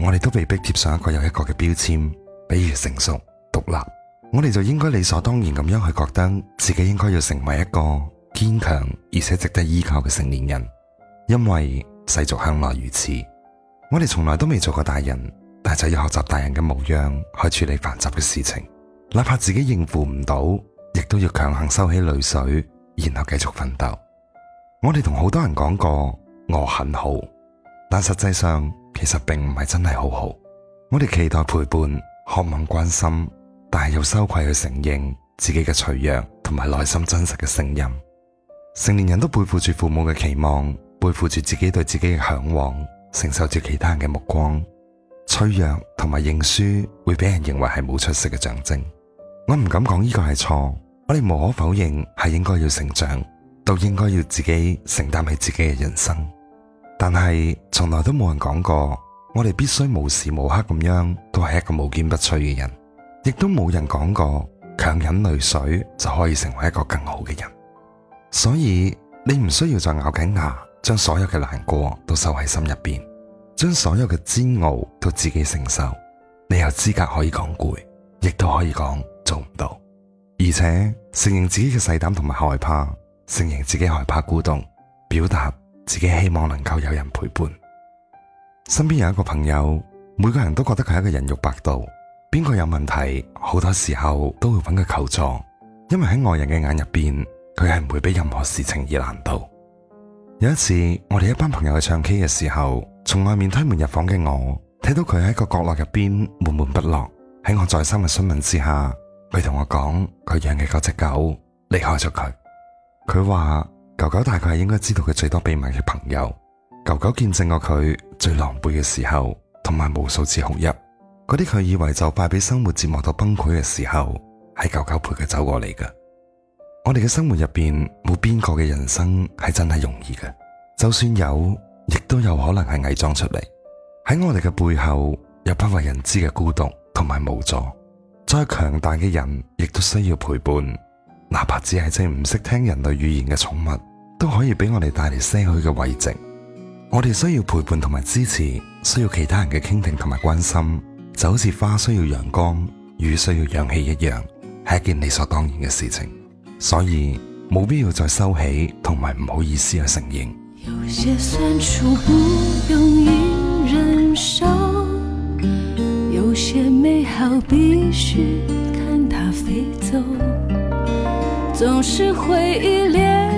我哋都被迫貼上一個又一個嘅標籤，比如成熟、獨立，我哋就應該理所當然咁樣去覺得自己應該要成為一個堅強而且值得依靠嘅成年人，因為世俗向來如此。我哋從來都未做過大人，但就要學習大人嘅模樣去處理繁雜嘅事情，哪怕自己應付唔到，亦都要強行收起淚水，然後繼續奮鬥。我哋同好多人講過我很好，但實際上。其實並唔係真係好好，我哋期待陪伴、渴望關心，但係又羞愧去承認自己嘅脆弱同埋內心真實嘅聲音。成年人都背負住父母嘅期望，背負住自己對自己嘅向往，承受住其他人嘅目光。脆弱同埋認輸會俾人認為係冇出息嘅象徵。我唔敢講呢個係錯，我哋無可否認係應該要成長，都應該要自己承擔起自己嘅人生。但係從來都冇人講過，我哋必須無時無刻咁樣都係一個無堅不摧嘅人，亦都冇人講過強忍淚水就可以成為一個更好嘅人。所以你唔需要再咬緊牙，將所有嘅難過都收喺心入邊，將所有嘅煎熬都自己承受。你有資格可以講攰，亦都可以講做唔到。而且承認自己嘅細膽同埋害怕，承認自己害怕孤獨，表達，自己希望能夠有人陪伴。身邊有一個朋友，每個人都覺得佢係一個人肉百度。邊個有問題，好多時候都會揾佢求助。因為喺外人嘅眼入邊，佢係唔會俾任何事情而難度。有一次，我哋一班朋友去唱 K 嘅時候，從外面推門入房嘅我，睇到佢喺個角落入邊悶悶不樂。喺我再三嘅詢問之下，佢同我講，佢養嘅嗰隻狗離開咗佢。佢話。狗狗大概係應該知道佢最多秘密嘅朋友，狗狗見證過佢最狼狽嘅時候，同埋無數次哭泣，嗰啲佢以為就快俾生活折磨到崩潰嘅時候，係狗狗陪佢走過嚟㗎。我哋嘅生活入邊冇邊個嘅人生係真係容易嘅，就算有，亦都有可能係偽裝出嚟。喺我哋嘅背後有不為人知嘅孤獨同埋無助，再強大嘅人亦都需要陪伴，哪怕只係隻唔識聽人類語言嘅寵物。都可以俾我哋帶嚟些許嘅慰藉，我哋需要陪伴同埋支持，需要其他人嘅傾聽同埋關心，就好似花需要陽光，魚需要氧氣一樣，係一件理所當然嘅事情，所以冇必要再收起同埋唔好意思去承認。有些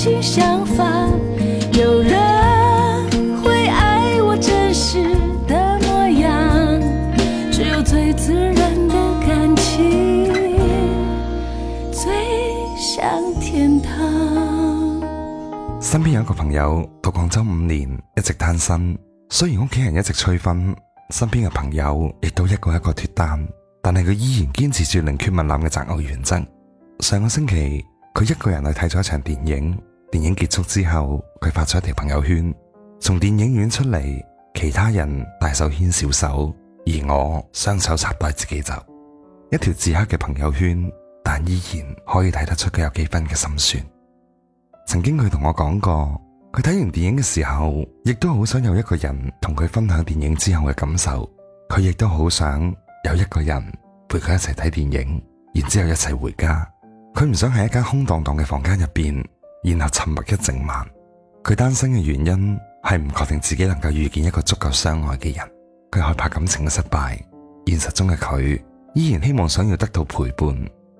有有人會愛我真實的模樣，只有最自然的感情。最像天堂。身邊有一個朋友，讀廣州五年，一直單身。雖然屋企人一直催婚，身邊嘅朋友亦都一個一個脱單，但係佢依然堅持住寧缺毋濫嘅擇偶原則。上個星期，佢一個人去睇咗一場電影。電影結束之後，佢發咗一條朋友圈，從電影院出嚟，其他人大手牽小手，而我雙手插袋自己走。一條自黑嘅朋友圈，但依然可以睇得出佢有幾分嘅心酸。曾經佢同我講過，佢睇完電影嘅時候，亦都好想有一個人同佢分享電影之後嘅感受。佢亦都好想有一個人陪佢一齊睇電影，然之後一齊回家。佢唔想喺一間空蕩蕩嘅房間入邊。然後沉默一整晚。佢單身嘅原因係唔確定自己能夠遇見一個足夠相愛嘅人。佢害怕感情嘅失敗。現實中嘅佢依然希望想要得到陪伴，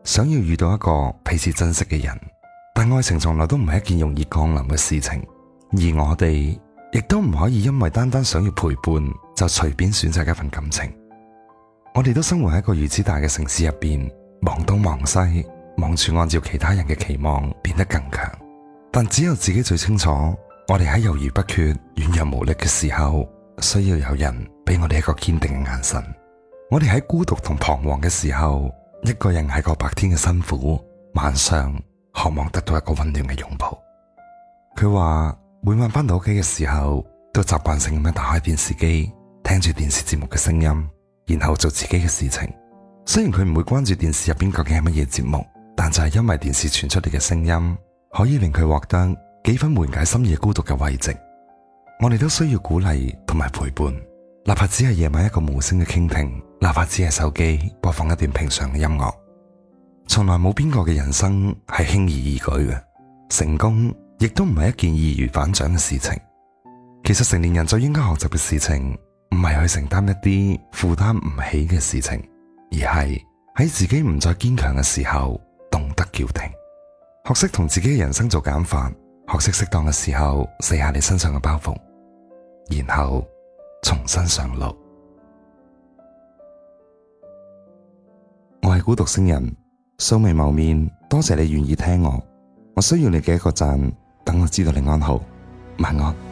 想要遇到一個彼此珍惜嘅人。但愛情從來都唔係一件容易降臨嘅事情，而我哋亦都唔可以因為單單想要陪伴就隨便選擇一份感情。我哋都生活喺一個如此大嘅城市入邊，忙東忙西，望住按照其他人嘅期望變得更強。但只有自己最清楚，我哋喺猶豫不決、軟弱無力嘅時候，需要有人俾我哋一個堅定嘅眼神；我哋喺孤獨同彷徨嘅時候，一個人挨過白天嘅辛苦，晚上渴望得到一個溫暖嘅擁抱。佢話每晚翻到屋企嘅時候，都習慣性咁樣打開電視機，聽住電視節目嘅聲音，然後做自己嘅事情。雖然佢唔會關注電視入邊究竟係乜嘢節目，但就係因為電視傳出嚟嘅聲音。可以令佢獲得幾分緩解深夜孤獨嘅慰藉。我哋都需要鼓勵同埋陪伴，哪怕只係夜晚一個無聲嘅傾聽，哪怕只係手機播放一段平常嘅音樂。從來冇邊個嘅人生係輕而易舉嘅，成功亦都唔係一件易如反掌嘅事情。其實成年人最應該學習嘅事情，唔係去承擔一啲負擔唔起嘅事情，而係喺自己唔再堅強嘅時候，懂得叫停。學識同自己嘅人生做減法，學識適當嘅時候卸下你身上嘅包袱，然後重新上路。我係孤獨星人，素未謀面，多謝你願意聽我。我需要你嘅一個讚，等我知道你安好，晚安。